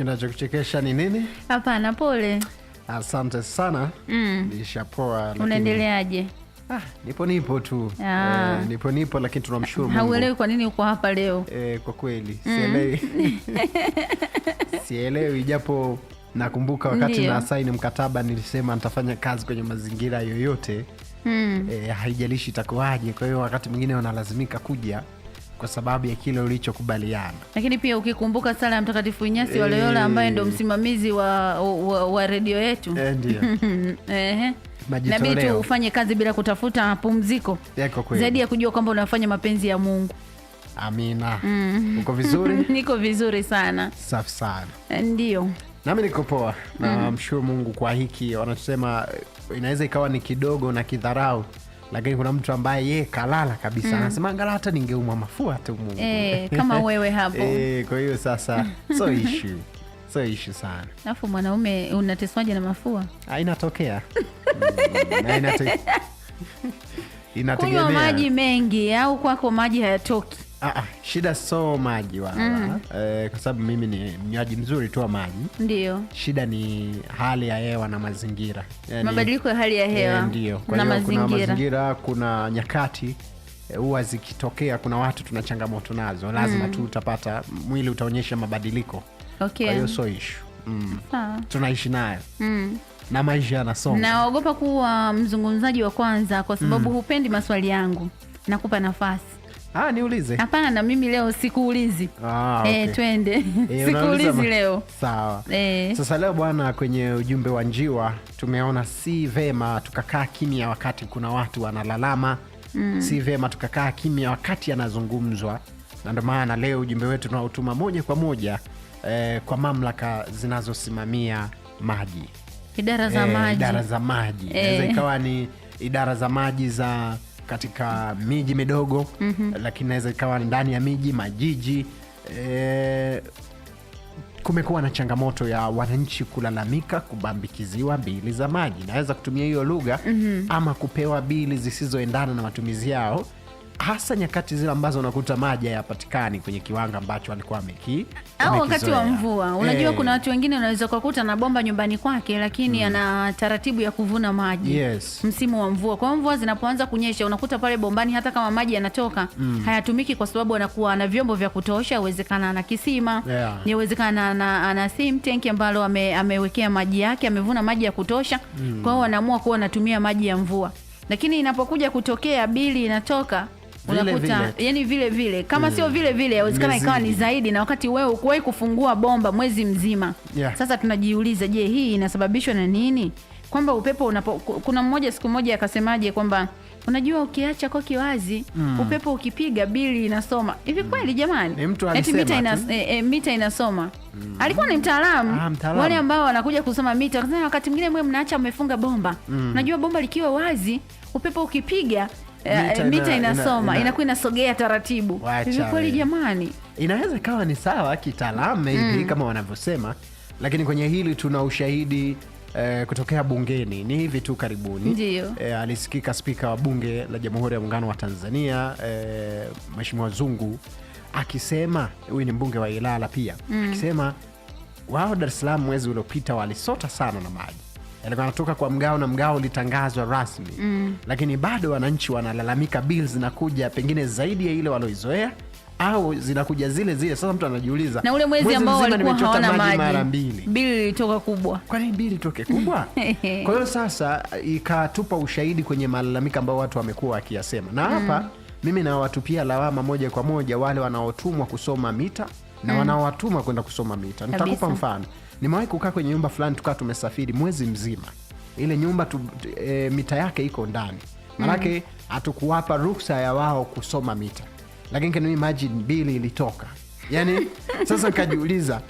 Kinachokuchekesha ni nini? Hapana, pole. Asante sana. Mm. Nishapoa Unaendeleaje? Ah, nipo nipo tu. Ah. Eh, nipo nipo lakini tunamshukuru Mungu. Hauelewi kwa nini uko hapa leo? eh, kwa kweli mm. sielewi. Mm. Sielewi japo nakumbuka wakati Ndiyo. na saini mkataba nilisema nitafanya kazi kwenye mazingira yoyote. Mm. eh, haijalishi itakuwaje. Kwa hiyo wakati mwingine wanalazimika kuja kwa sababu ya kile ulichokubaliana. Lakini pia ukikumbuka sala ya Mtakatifu Inyasi e... wa Loyola eh. ambaye ndo msimamizi wa, wa, wa redio yetu e, ndio tu ufanye kazi bila kutafuta pumziko zaidi ya kujua kwamba unafanya mapenzi ya Mungu. Amina. Mm. Uko vizuri? Niko vizuri sana. Safi sana. Eh, ndio. Nami niko poa na mshukuru mm. Mungu kwa hiki, wanachosema inaweza ikawa ni kidogo na kidharau lakini kuna mtu ambaye yeye kalala kabisa mm. anasema angalau hata ningeumwa mafua tu Mungu e, kama wewe hapo e, kwa hiyo sasa so issue so issue sana. Alafu mwanaume unateswaje na mafua? Inatokea mm, kunywa maji mengi au kwako maji hayatoki? Ah, ah, shida so maji wa mm. Eh, kwa sababu mimi ni mnywaji mzuri tu wa maji. Ndio shida ni hali ya hewa na mazingira, yani, mabadiliko ya hali ya eh, hewa ndio. Kwa hiyo mazingira. Kuna mazingira, kuna nyakati eh, huwa zikitokea, kuna watu tuna changamoto nazo, lazima mm. tu utapata, mwili utaonyesha mabadiliko okay. Kwa hiyo so ishu mm. tunaishi nayo mm na maisha yanasonga. Naogopa kuwa mzungumzaji wa kwanza kwa sababu mm. hupendi maswali yangu, nakupa nafasi Ah, niulize. Hapana, mimi leo sikuulizi. Ah, eh, okay. E, twende e, sikuulizi leo. Sawa e. Sasa leo bwana, kwenye ujumbe wa njiwa tumeona si vema tukakaa kimya wakati kuna watu wanalalama mm. Si vema tukakaa kimya wakati anazungumzwa, na ndio maana leo ujumbe wetu tunautuma moja kwa moja eh, kwa mamlaka zinazosimamia maji, idara za eh, maji, idara za maji. E. Inaweza ikawa ni idara za maji za katika miji midogo mm -hmm. Lakini naweza ikawa ndani ya miji majiji e, kumekuwa na changamoto ya wananchi kulalamika kubambikiziwa bili za maji, naweza kutumia hiyo lugha mm -hmm. Ama kupewa bili zisizoendana na matumizi yao hasa nyakati zile ambazo unakuta maji hayapatikani kwenye kiwango ambacho alikuwa ameki au wakati wa mvua. Unajua, hey, eh. kuna watu wengine wanaweza kukuta na bomba nyumbani kwake, lakini mm, ana taratibu ya kuvuna maji yes, msimu wa mvua. Kwa mvua zinapoanza kunyesha, unakuta pale bombani hata kama maji yanatoka mm, hayatumiki kwa sababu anakuwa ana vyombo vya kutosha, uwezekana ana kisima yeah, ni uwezekana ana, ana sim tank ambalo ame, amewekea maji yake, amevuna maji ya kutosha mm, Kwa hiyo anaamua kuwa anatumia maji ya mvua, lakini inapokuja kutokea bili inatoka unakuta vile. Yani vile vile kama yeah. Sio hmm. vile vile inawezekana ikawa ni zaidi, na wakati wewe ukuwahi kufungua bomba mwezi mzima yeah. Sasa tunajiuliza, je, hii inasababishwa na nini? Kwamba upepo unapo, kuna mmoja siku moja akasemaje kwamba unajua ukiacha koki wazi mm. upepo ukipiga bili inasoma hivi hmm. kweli jamani? eti mita, ina, e, e, mita inasoma mm. alikuwa ni mtaalamu ah, wale ambao wanakuja kusoma mita wakati mwingine mwe mnaacha mmefunga bomba mm. unajua bomba likiwa wazi upepo ukipiga Eh, mita, mita inasoma inakuwa inasogea taratibu hivi kweli jamani, inaweza ikawa ni sawa kitaalamu hivi mm. kama wanavyosema, lakini kwenye hili tuna ushahidi eh, kutokea bungeni. Ni hivi tu karibuni eh, alisikika spika wa bunge la Jamhuri ya Muungano wa Tanzania eh, Mheshimiwa Zungu akisema, huyu ni mbunge wa Ilala pia mm. akisema wao Dar es Salaam mwezi uliopita walisota sana na maji yalikuwa yanatoka kwa mgao na mgao ulitangazwa rasmi mm. Lakini bado wananchi wanalalamika, bill zinakuja pengine zaidi ya ile waloizoea au zinakuja zile zile. Sasa mtu anajiuliza, na ule mwezi ambao walikuwa hawana maji mara mbili, bili ilitoka kubwa. Kwa nini bili itoke kubwa? Kwa hiyo sasa eh, ikatupa ushahidi kwenye malalamiko ambao watu wamekuwa wakiyasema, na hapa mm. mimi nawatupia lawama moja kwa moja wale wanaotumwa kusoma mita na mm. wanawatuma kwenda kusoma mita. Nitakupa mfano, nimewahi kukaa kwenye nyumba fulani, tukawa tumesafiri mwezi mzima, ile nyumba tu, e, mita yake iko ndani, manake mm. hatukuwapa ruhusa ya wao kusoma mita, lakini can you imagine bili ilitoka yani. Sasa nikajiuliza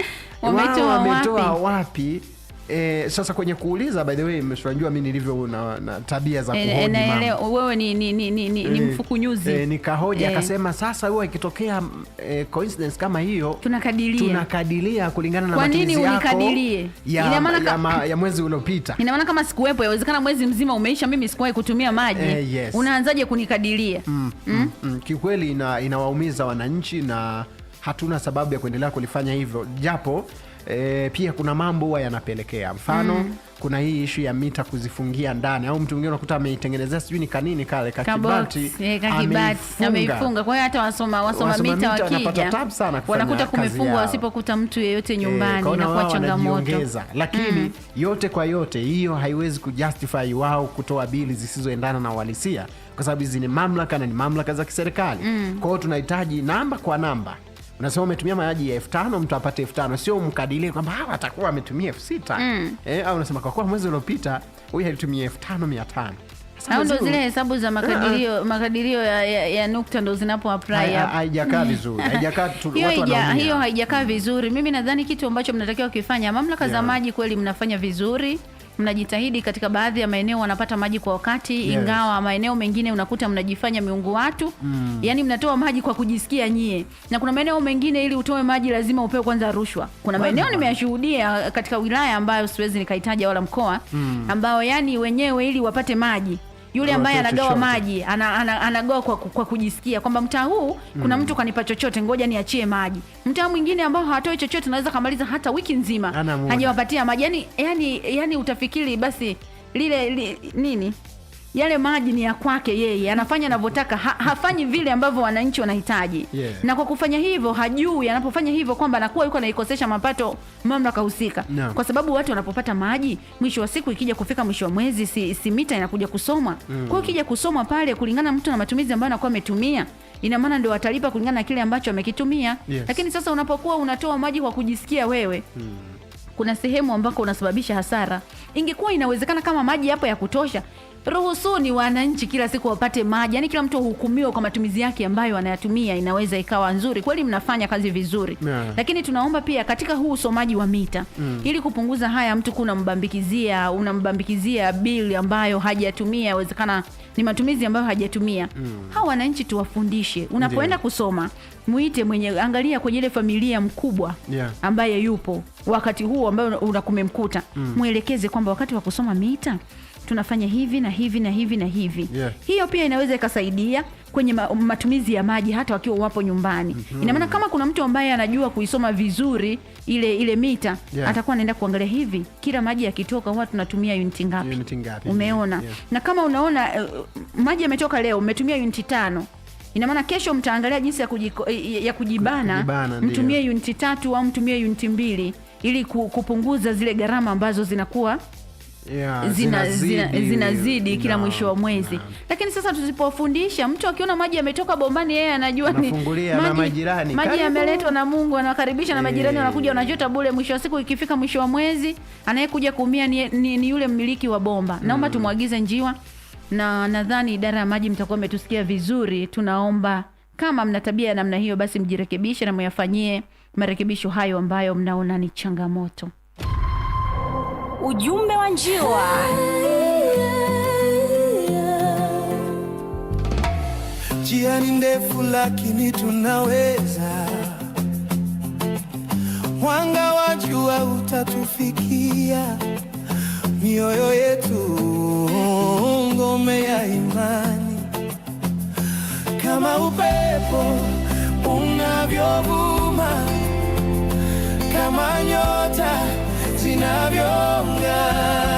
wao wametoa wapi Eh, sasa kwenye kuuliza, by the way, mshanjua mimi nilivyo na, na tabia za eh, kuhoji eh, mama. E, wewe ni, ni, ni, ni, ni, ni mfukunyuzi e, nikahoja e. Akasema sasa huwa ikitokea e, coincidence kama hiyo tunakadilia tunakadilia kulingana na matumizi yako. Kwa nini unikadirie? Ina maana ya, ya, mwezi uliopita. Ina maana kama sikuwepo, yawezekana mwezi mzima umeisha, mimi sikuwahi kutumia maji e, yes. Unaanzaje kunikadiria? Mm mm, mm, mm? mm, kiukweli ina inawaumiza wananchi na hatuna sababu ya kuendelea kulifanya hivyo japo e, pia kuna mambo huwa yanapelekea mfano mm. kuna hii ishu ya mita kuzifungia ndani au mtu mwingine unakuta ameitengenezea sijui ni kanini kale kakibati eh, ameifunga. Kwa hiyo hata wasoma, wasoma, wasoma mita wakija wanakuta kumefungwa, wasipokuta mtu yeyote eh, nyumbani inakuwa changamoto, lakini mm. yote kwa yote hiyo haiwezi kujustify wao kutoa bili zisizoendana na uhalisia, kwa sababu hizi ni mamlaka na ni mamlaka za kiserikali mm. kwa hiyo tunahitaji namba kwa namba unasema umetumia maji ya elfu tano mtu apate elfu tano sio mkadilie kwamba atakuwa ametumia elfu sita mm. Eh, au unasema kwa kuwa mwezi uliopita huyu alitumia elfu tano mia tano au ndo zile hesabu za eh, eh. makadirio, makadirio ya, ya, ya nukta ndo zinapo apply haijakaa mm. vizuri hiyo haijakaa mm. vizuri. Mimi nadhani kitu ambacho mnatakiwa kufanya mamlaka yeah, za maji kweli mnafanya vizuri mnajitahidi katika baadhi ya maeneo wanapata maji kwa wakati yes. Ingawa maeneo mengine unakuta mnajifanya miungu watu mm. Yani mnatoa maji kwa kujisikia nyie, na kuna maeneo mengine ili utoe maji lazima upewe kwanza rushwa. Kuna maeneo nimeyashuhudia uh, katika wilaya ambayo siwezi nikahitaja wala mkoa mm. ambao yani wenyewe ili wapate maji yule ambaye anagawa maji ana, ana, anagawa kwa, kwa kujisikia kwamba mtaa huu kuna mm. mtu kanipa chochote, ngoja niachie maji. Mtaa mwingine ambao hawatoi chochote, unaweza kamaliza hata wiki nzima hajawapatia maji, yani, yani, yani utafikiri basi lile li, nini yale maji ni ya kwake yeye, anafanya anavyotaka, ha, hafanyi vile ambavyo wananchi wanahitaji yeah. Na kwa kufanya hivyo, hajui anapofanya hivyo kwamba anakuwa yuko anaikosesha mapato mamlaka husika no. Kwa sababu watu wanapopata maji, mwisho wa siku ikija kufika mwisho wa mwezi, si, si mita inakuja kusomwa mm. Kwa hiyo ikija kusomwa pale kulingana mtu na matumizi ambayo anakuwa ametumia ina maana ndio watalipa kulingana na kile ambacho amekitumia yes. Lakini sasa unapokuwa unatoa maji kwa kujisikia wewe mm. Kuna sehemu ambako unasababisha hasara. Ingekuwa inawezekana kama maji yapo ya kutosha, ruhusuni wananchi kila siku wapate maji, yani kila mtu ahukumiwe kwa matumizi yake ambayo anayatumia. Inaweza ikawa nzuri kweli, mnafanya kazi vizuri yeah. Lakini tunaomba pia katika huu usomaji wa mita mm. ili kupunguza haya, mtu kuna mbambikizia unambambikizia bili ambayo hajatumia, awezekana ni matumizi ambayo hajatumia mm. hawa wananchi tuwafundishe, unapoenda yeah. kusoma muite mwenye angalia kwenye ile familia mkubwa yeah. ambaye yupo wakati huu ambayo unakumemkuta mm. mwelekeze kwamba wakati wa kusoma mita tunafanya hivi na hivi na hivi na hivi yeah. Hiyo pia inaweza ikasaidia kwenye matumizi ya maji hata wakiwa wapo nyumbani mm -hmm. inamaana kama kuna mtu ambaye anajua kuisoma vizuri ile ile mita yeah. Atakuwa anaenda kuangalia hivi kila maji yakitoka huwa tunatumia uniti ngapi, Umeona yeah. Na kama unaona uh, maji yametoka leo umetumia uniti tano inamaana kesho mtaangalia jinsi ya, kujiko, ya kujibana, kujibana mtumie uniti tatu au mtumie uniti mbili ili kupunguza zile gharama ambazo zinakuwa zinazidi zina, zina, zina kila mwisho wa mwezi no. Lakini sasa tusipofundisha, mtu akiona maji yametoka bombani, yeye anajua ni maji, yameletwa na Mungu, anawakaribisha na majirani eh. wanakuja wanachota bure. Mwisho wa siku, ikifika mwisho wa mwezi, anayekuja kuumia ni, ni, ni yule mmiliki wa bomba. Naomba mm. tumwagize njiwa, na nadhani idara ya maji mtakuwa mmetusikia vizuri. Tunaomba kama mna tabia ya namna hiyo, basi mjirekebishe na myafanyie marekebisho hayo ambayo mnaona ni changamoto ujumbe wa njiwa. Njia ni ndefu lakini tunaweza, mwanga wa jua utatufikia. Mioyo yetu ngome ya imani, kama upepo unavyovuma, kama nyota 那勇敢。